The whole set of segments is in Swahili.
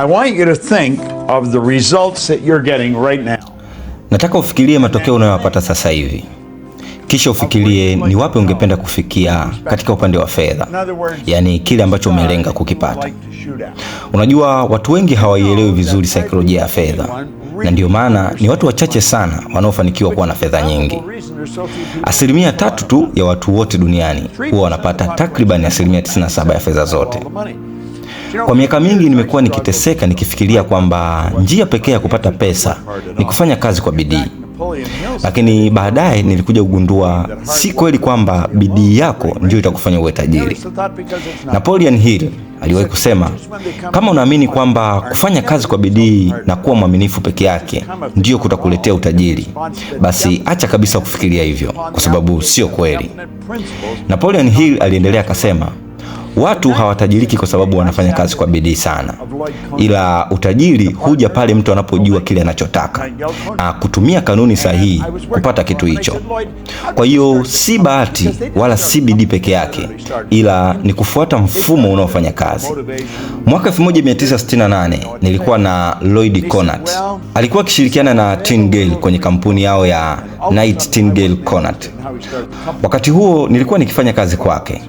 I want you to think of the results that you're getting right now. Nataka ufikirie matokeo unayopata sasa hivi. Kisha ufikirie ni wapi ungependa kufikia katika upande wa fedha, yaani kile ambacho umelenga kukipata. Unajua, watu wengi hawaielewi vizuri saikolojia ya fedha, na ndiyo maana ni watu wachache sana wanaofanikiwa kuwa na fedha nyingi. Asilimia tatu tu ya watu wote duniani huwa wanapata takribani asilimia 97 ya fedha zote. Kwa miaka mingi nimekuwa nikiteseka nikifikiria kwamba njia pekee ya kupata pesa ni kufanya kazi kwa bidii, lakini baadaye nilikuja kugundua si kweli kwamba bidii yako ndio itakufanya uwe tajiri. Napoleon Hill aliwahi kusema, kama unaamini kwamba kufanya kazi kwa bidii na kuwa mwaminifu peke yake ndiyo kutakuletea utajiri, basi acha kabisa kufikiria hivyo, kwa sababu sio kweli. Napoleon Hill aliendelea akasema Watu hawatajiriki kwa sababu wanafanya kazi kwa bidii sana, ila utajiri huja pale mtu anapojua kile anachotaka na kutumia kanuni sahihi kupata kitu hicho. Kwa hiyo si bahati wala si bidii peke yake, ila ni kufuata mfumo unaofanya kazi. Mwaka 1968 nilikuwa na Lloyd Conant, alikuwa akishirikiana na Tyndale kwenye kampuni yao ya Knight Tyndale Conant. Wakati huo nilikuwa nikifanya kazi kwake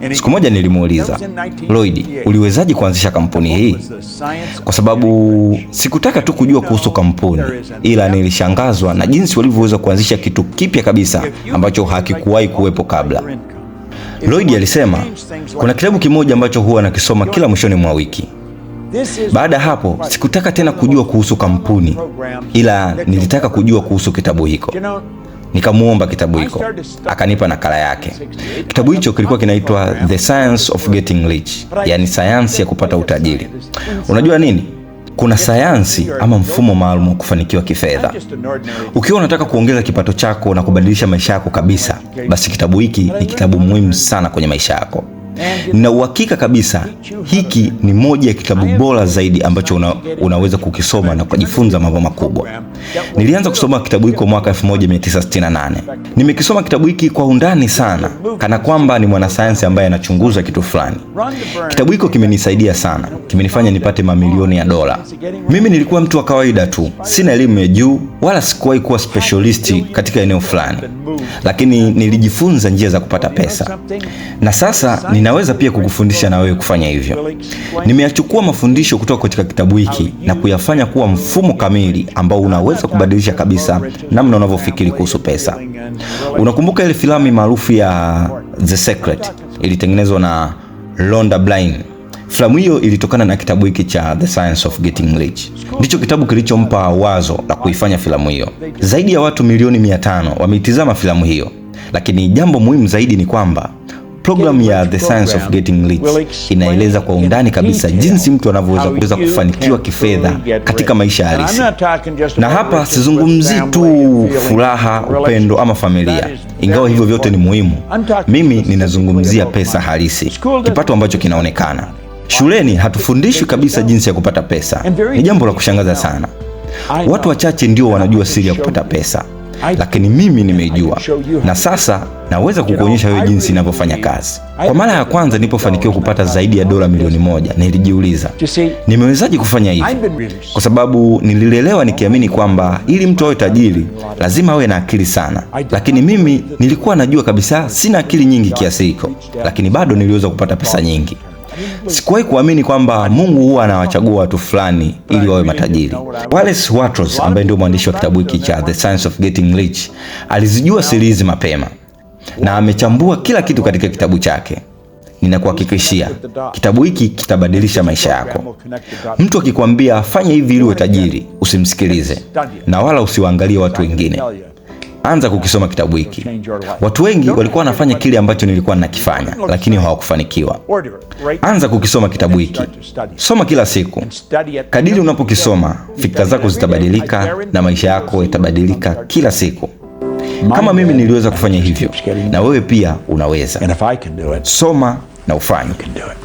Yaani, Siku moja nilimuuliza Lloyd, uliwezaje kuanzisha kampuni hii? Kwa sababu sikutaka tu kujua kuhusu kampuni, ila nilishangazwa na jinsi walivyoweza kuanzisha kitu kipya kabisa ambacho hakikuwahi kuwepo kabla. Lloyd alisema kuna kitabu kimoja ambacho huwa anakisoma kila mwishoni mwa wiki. Baada ya hapo sikutaka tena kujua kuhusu kampuni, ila nilitaka kujua kuhusu kitabu hicho. Nikamwomba kitabu hiko akanipa nakala yake. Kitabu hicho kilikuwa kinaitwa The Science of Getting Rich, yani sayansi ya kupata utajiri. Unajua nini, kuna sayansi ama mfumo maalum wa kufanikiwa kifedha. Ukiwa unataka kuongeza kipato chako na kubadilisha maisha yako kabisa, basi kitabu hiki ni kitabu muhimu sana kwenye maisha yako na uhakika kabisa hiki ni moja ya kitabu bora zaidi ambacho una, unaweza kukisoma na kujifunza mambo makubwa. Nilianza kusoma kitabu hiko mwaka 1968. Nimekisoma kitabu hiki kwa undani sana, kana kwamba ni mwanasayansi ambaye anachunguza kitu fulani. Kitabu hiko kimenisaidia sana, kimenifanya nipate mamilioni ya dola. Mimi nilikuwa mtu wa kawaida tu, sina elimu ya juu wala sikuwahi kuwa specialist katika eneo fulani, lakini nilijifunza njia za kupata pesa na sasa nina Ninaweza pia kukufundisha na wewe kufanya hivyo. Nimeyachukua mafundisho kutoka katika kitabu hiki na kuyafanya kuwa mfumo kamili ambao unaweza kubadilisha kabisa namna unavyofikiri kuhusu pesa. Unakumbuka ile filamu maarufu ya The Secret ilitengenezwa na Rhonda Byrne. Filamu hiyo ilitokana na kitabu hiki cha The Science of Getting Rich. Ndicho kitabu kilichompa wazo la kuifanya filamu hiyo. Zaidi ya watu milioni mia tano wameitizama filamu hiyo, lakini jambo muhimu zaidi ni kwamba Programu ya The Science of Getting Rich inaeleza kwa undani kabisa jinsi mtu anavyoweza kuweza kufanikiwa kifedha katika maisha halisi. Na hapa sizungumzii tu furaha, upendo ama familia, ingawa hivyo vyote ni muhimu. Mimi ninazungumzia pesa halisi, kipato ambacho kinaonekana. Shuleni hatufundishwi kabisa jinsi ya kupata pesa. Ni jambo la kushangaza sana. Watu wachache ndio wanajua siri ya kupata pesa lakini mimi nimeijua, na sasa naweza kukuonyesha wewe jinsi inavyofanya kazi. Kwa mara ya kwanza nilipofanikiwa kupata zaidi ya dola milioni moja, nilijiuliza nimewezaje kufanya hivi, kwa sababu nililelewa nikiamini kwamba ili mtu awe tajiri lazima awe na akili sana, lakini mimi nilikuwa najua kabisa sina akili nyingi kiasi hicho, lakini bado niliweza kupata pesa nyingi. Sikuwahi kuamini kwamba Mungu huwa anawachagua watu fulani ili wawe matajiri. Wallace watros ambaye ndio mwandishi wa kitabu hiki cha The Science of Getting Rich alizijua siri hizi mapema na amechambua kila kitu katika kitabu chake. Ninakuhakikishia kitabu hiki kitabadilisha maisha yako. Mtu akikwambia fanye hivi ili uwe tajiri, usimsikilize na wala usiwaangalie watu wengine anza kukisoma kitabu hiki. Watu wengi walikuwa wanafanya kile ambacho nilikuwa ninakifanya, lakini hawakufanikiwa. Anza kukisoma kitabu hiki, soma kila siku. Kadiri unapokisoma, fikra zako zitabadilika na maisha yako yatabadilika kila siku. Kama mimi niliweza kufanya hivyo, na wewe pia unaweza. Soma na ufanye.